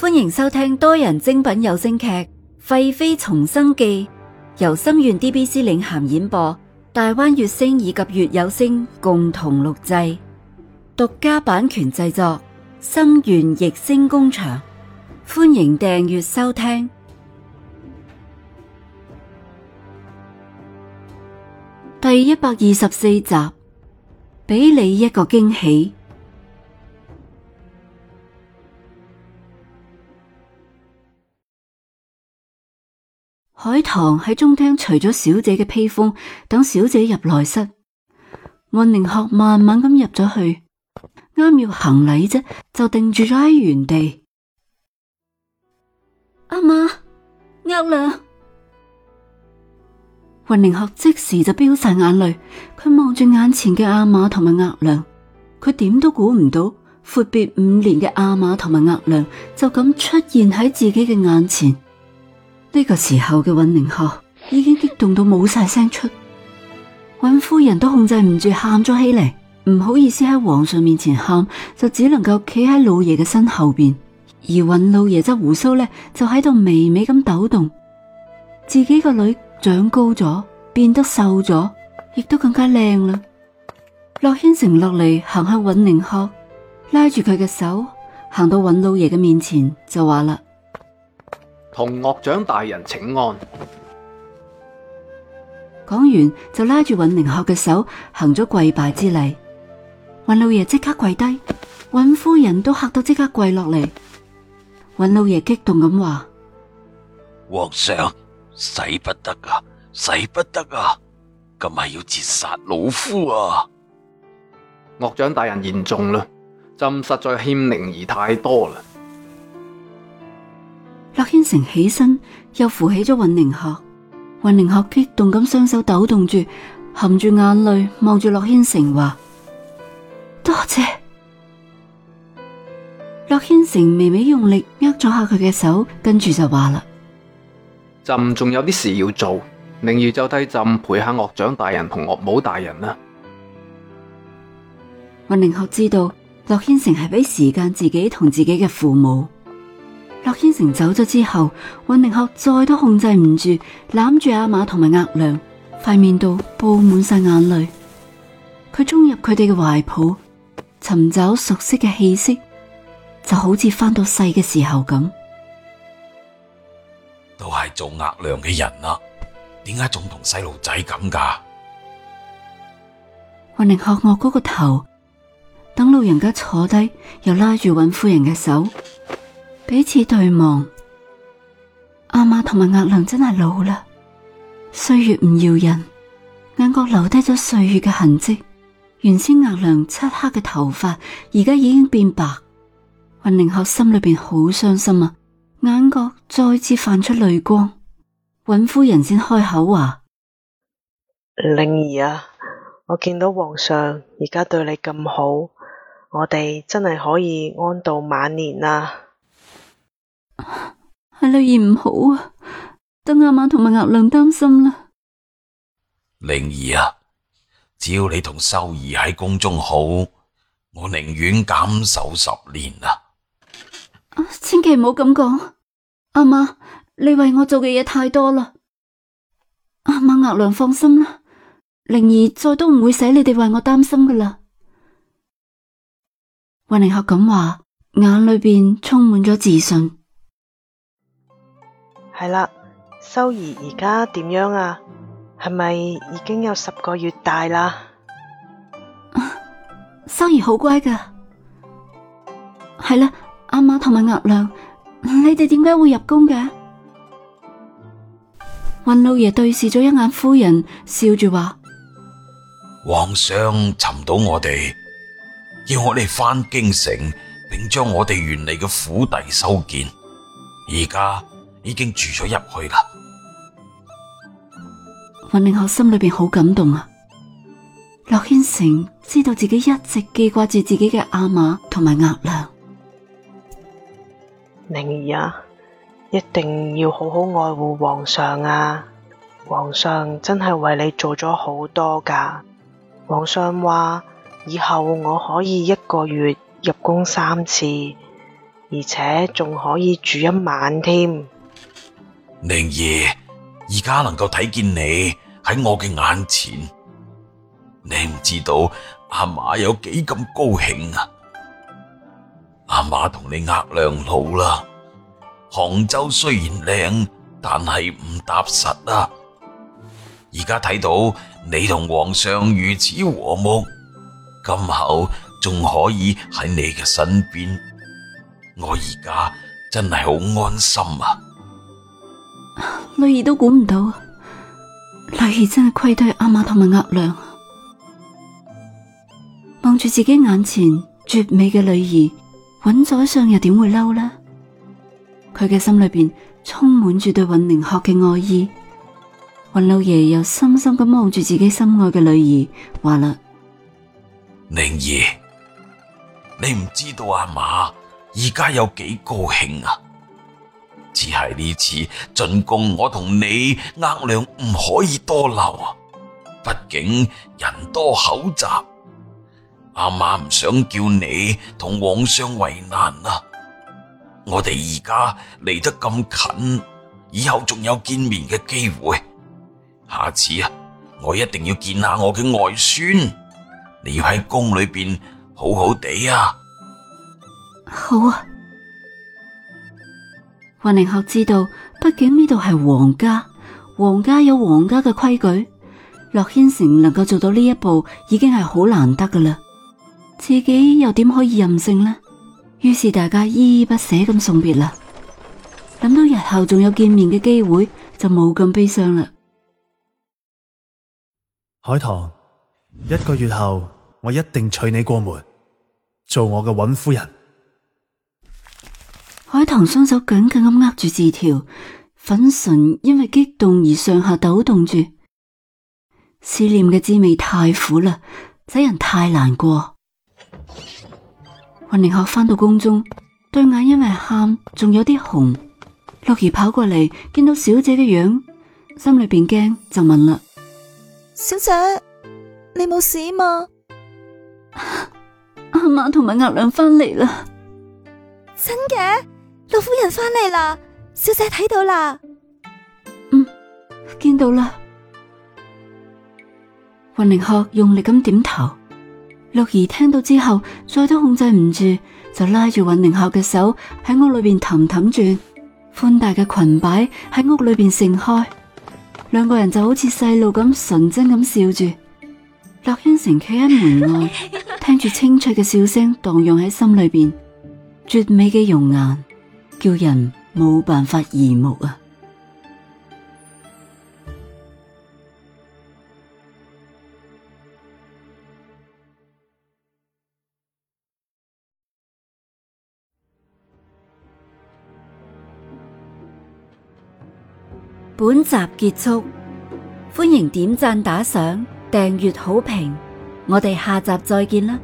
歡迎收聽多人精品有聲劇《廢妃重生記》，由心願 DBC 領銜演播，大灣月星以及月有聲共同錄製，獨家版權製作，心願逸聲工場。歡迎訂閱收聽第一百二十四集，俾你一個驚喜。海棠喺中廳除咗小姐嘅披風，等小姐入內室。雲寧鶴慢慢咁入咗去，啱要行禮啫，就定住咗喺原地。阿瑪，額娘，雲寧鶴即時就飆晒眼淚，佢望住眼前嘅阿瑪同埋額娘，佢點都估唔到闊別五年嘅阿瑪同埋額娘就咁出現喺自己嘅眼前。呢個時候嘅尹寧鶴已經激動到冇晒聲出，尹夫人都控制唔住喊咗起嚟，唔好意思喺皇上面前喊，就只能夠企喺老爺嘅身後邊，而尹老爺則鬍鬚呢，就喺度微微咁抖動，自己個女長高咗，變得瘦咗，亦都更加靚啦。洛軒成落嚟行向尹寧鶴，拉住佢嘅手，行到尹老爺嘅面前就話啦。同樂長大人請安，講完就拉住尹寧鶴嘅手，行咗跪拜之禮。尹老爺即刻跪低，尹夫人都吓到即刻跪落嚟。尹老爺激動咁話：皇上使不得啊，使不得啊！咁係要截殺老夫啊！樂長大人言重啦，朕實在欠寧兒太多啦。洛軒成起身，又扶起咗尹寧鶴。尹寧鶴激動咁雙手抖動住，含住眼淚望住洛軒成話：多謝。洛軒成微微用力握咗下佢嘅手，跟住就話啦：朕仲有啲事要做，寧兒就替朕陪，陪下岳長大人同岳母大人啦。尹寧鶴知道洛軒成係俾時間自己同自己嘅父母。洛軒成走咗之後，尹寧鶴再都控制唔住，攬住阿瑪同埋額娘，塊面度布滿晒眼淚。佢衝入佢哋嘅懷抱，尋找熟悉嘅氣息，就好似翻到細嘅時候咁。都係做額娘嘅人啊，點解仲同細路仔咁噶？尹寧鶴摸嗰個頭，等老人家坐低，又拉住尹夫人嘅手。彼此對望，阿瑪同埋額娘真係老啦，歲月唔饒人，眼角留低咗歲月嘅痕跡。原先額娘漆黑嘅頭髮，而家已經變白。云寧鶴心裏邊好傷心啊，眼角再次泛出淚光。尹夫人先開口話，啊，靈兒啊，我見到皇上而家對你咁好，我哋真係可以安度晚年啦。係，女兒唔好啊，得阿瑪同埋額娘擔心啦。靈兒啊，只要你同秀兒喺宮中好，我寧願減壽十年啊！千祈唔好咁講，阿瑪，你為我做嘅嘢太多啦。阿瑪、額娘放心啦，靈兒再都唔會使你哋為我擔心噶啦。韋寧學咁話，眼裏邊充滿咗自信。係啦，修兒而家點樣啊？係咪已經有十個月大啦？修兒好乖噶。係啦，阿媽同埋額娘，你哋點解會入宮嘅？雲老爺對視咗一眼，夫人笑住話：皇上尋到我哋，要我哋返京城，並將我哋原嚟嘅府邸修建。而家。已經住咗入去啦！雲令學心裏邊好感動啊！洛軒成知道自己一直記掛住自己嘅阿瑪同埋額娘。寧兒啊，一定要好好愛護皇上啊！皇上真係為你做咗好多㗎。皇上話以後我可以一個月入宮三次，而且仲可以住一晚添。寧兒，而家能夠睇見你喺我嘅眼前，你唔知道阿瑪有幾咁高興啊！阿瑪同你額娘老啦，杭州雖然靚，但係唔踏實啊！而家睇到你同皇上如此和睦，今後仲可以喺你嘅身邊，我而家真係好安心啊！女兒都估唔到，女兒真係愧對阿瑪同埋額娘。望住自己眼前絕美嘅女兒，尹宰相又點會嬲呢？佢嘅心裏邊充滿住對尹寧鶴嘅愛意。尹老爺又深深咁望住自己心愛嘅女兒，話啦：寧兒，你唔知道阿瑪而家有幾高興啊！只係呢次進攻，我同你額量唔可以多留啊！畢竟人多口雜，阿媽唔想叫你同皇上為難啊！我哋而家嚟得咁近，以後仲有見面嘅機會。下次啊，我一定要見下我嘅外孫。你要喺宮裏邊好好地啊！好啊。雲寧學知道，畢竟呢度係皇家，皇家有皇家嘅規矩。洛軒城能夠做到呢一步，已經係好難得噶啦，自己又點可以任性呢？於是大家依依不捨咁送別啦。諗到日後仲有見面嘅機會，就冇咁悲傷啦。海棠，一個月後我一定娶你過門，做我嘅尹夫人。海棠雙手緊緊咁握住字條，粉唇因為激動而上下抖動住，思念嘅滋味太苦啦，使人太難過。云寧鶴翻到宮中，對眼因為喊仲有啲紅。樂兒跑過嚟，見到小姐嘅樣，心裏邊驚就問啦：小姐，你冇事嘛？阿媽同埋阿娘翻嚟啦，真嘅？老夫人翻嚟啦，小姐睇到啦？嗯，見到啦。雲寧鶴用力咁點頭，樂兒聽到之後，再都控制唔住，就拉住雲寧鶴嘅手喺屋裏邊氹氹轉，寬大嘅裙擺喺屋裏邊盛開，兩個人就好似細路咁純真咁笑住。樂香城企喺門外， 聽住清脆嘅笑聲蕩漾喺心裏邊，絕美嘅容顏。叫人冇辦法移目啊！本集結束，歡迎點讚、打賞、訂閱、好評，我哋下集再見啦！